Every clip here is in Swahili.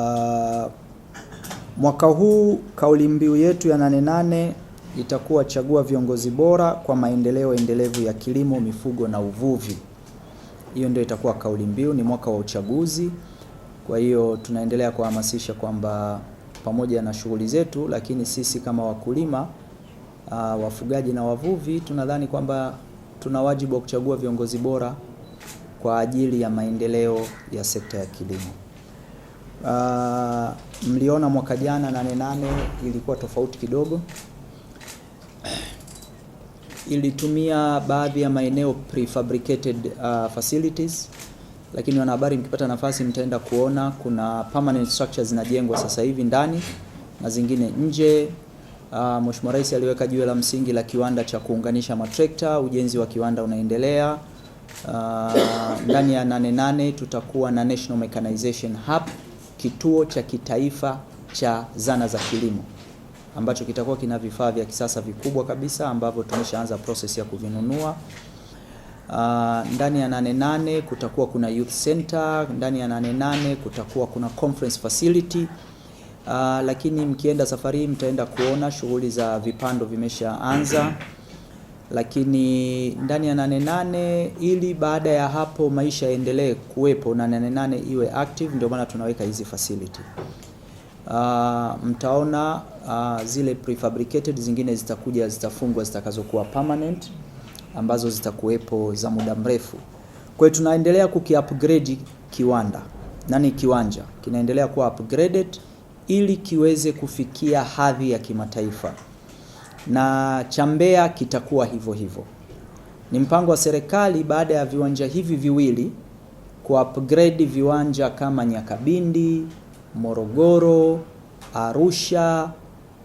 Uh, mwaka huu kauli mbiu yetu ya nane nane itakuwa chagua viongozi bora kwa maendeleo endelevu ya kilimo, mifugo na uvuvi. Hiyo ndio itakuwa kauli mbiu, ni mwaka wa uchaguzi. Kwa hiyo tunaendelea kuhamasisha kwamba pamoja na shughuli zetu, lakini sisi kama wakulima uh, wafugaji na wavuvi tunadhani kwamba tuna wajibu wa kuchagua viongozi bora kwa ajili ya maendeleo ya sekta ya kilimo. Uh, mliona mwaka jana nane nane ilikuwa tofauti kidogo, ilitumia baadhi ya maeneo prefabricated uh, facilities, lakini wanahabari, mkipata nafasi mtaenda kuona kuna permanent structures zinajengwa sasa hivi ndani na zingine nje. Uh, Mheshimiwa Rais aliweka jiwe la msingi la kiwanda cha kuunganisha matrekta, ujenzi wa kiwanda unaendelea. Uh, ndani ya nane nane tutakuwa na National Mechanization Hub kituo cha kitaifa cha zana za kilimo ambacho kitakuwa kina vifaa vya kisasa vikubwa kabisa ambavyo tumeshaanza process ya kuvinunua. Uh, ndani ya Nane kutakuwa kuna youth center, ndani ya Nane kutakuwa kuna conference facility. Uh, lakini mkienda safari hii mtaenda kuona shughuli za vipando vimeshaanza lakini ndani ya nane nane, ili baada ya hapo maisha yaendelee kuwepo na nane nane iwe active, ndio maana tunaweka hizi facility. Uh, mtaona uh, zile prefabricated zingine zitakuja zitafungwa zitakazokuwa permanent ambazo zitakuwepo za muda mrefu. Kwa hiyo tunaendelea kukiupgrade kiwanda nani, kiwanja kinaendelea kuwa upgraded ili kiweze kufikia hadhi ya kimataifa na cha Mbeya kitakuwa hivyo hivyo. Ni mpango wa serikali baada ya viwanja hivi viwili ku upgrade viwanja kama Nyakabindi, Morogoro, Arusha,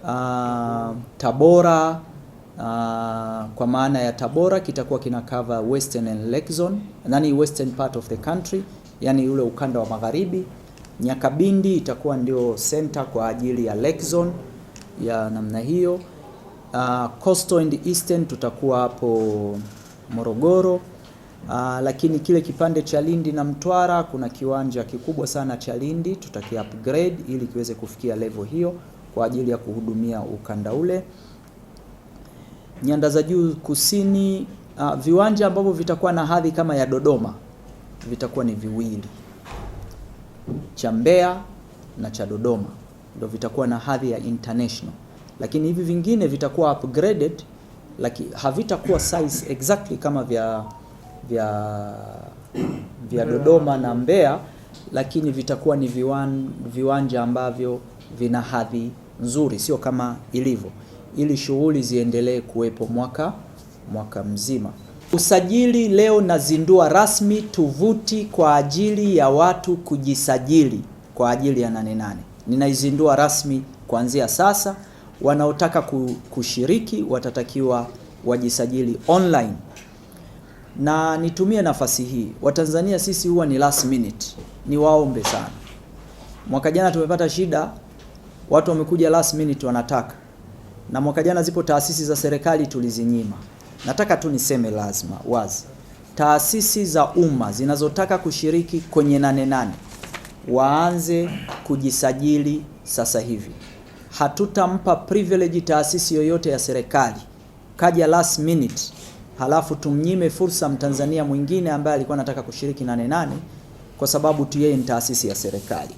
uh, Tabora Uh, kwa maana ya Tabora kitakuwa kina cover western and lake zone, nani western part of the country, yani ule ukanda wa magharibi. Nyakabindi itakuwa ndio center kwa ajili ya lake zone ya namna hiyo uh, Coastal and Eastern tutakuwa hapo Morogoro. Uh, lakini kile kipande cha Lindi na Mtwara kuna kiwanja kikubwa sana cha Lindi tutaki upgrade ili kiweze kufikia level hiyo kwa ajili ya kuhudumia ukanda ule. Nyanda za juu kusini, uh, viwanja ambavyo vitakuwa na hadhi kama ya Dodoma vitakuwa ni viwili, cha Mbeya na cha Dodoma ndio vitakuwa na hadhi ya international lakini hivi vingine vitakuwa upgraded, laki, havitakuwa size exactly kama vya vya vya Dodoma na Mbeya, lakini vitakuwa ni viwan, viwanja ambavyo vina hadhi nzuri, sio kama ilivyo, ili shughuli ziendelee kuwepo mwaka mwaka mzima. Usajili leo nazindua rasmi tovuti kwa ajili ya watu kujisajili kwa ajili ya Nane Nane. Ninaizindua rasmi kuanzia sasa. Wanaotaka kushiriki watatakiwa wajisajili online, na nitumie nafasi hii, Watanzania sisi huwa ni last minute, ni waombe sana. Mwaka jana tumepata shida, watu wamekuja last minute wanataka, na mwaka jana zipo taasisi za serikali tulizinyima. Nataka tu niseme lazima wazi, taasisi za umma zinazotaka kushiriki kwenye Nane Nane waanze kujisajili sasa hivi hatutampa privilege taasisi yoyote ya serikali kaja last minute halafu tumnyime fursa mtanzania mwingine ambaye alikuwa anataka kushiriki nane nane kwa sababu tu yeye ni taasisi ya serikali.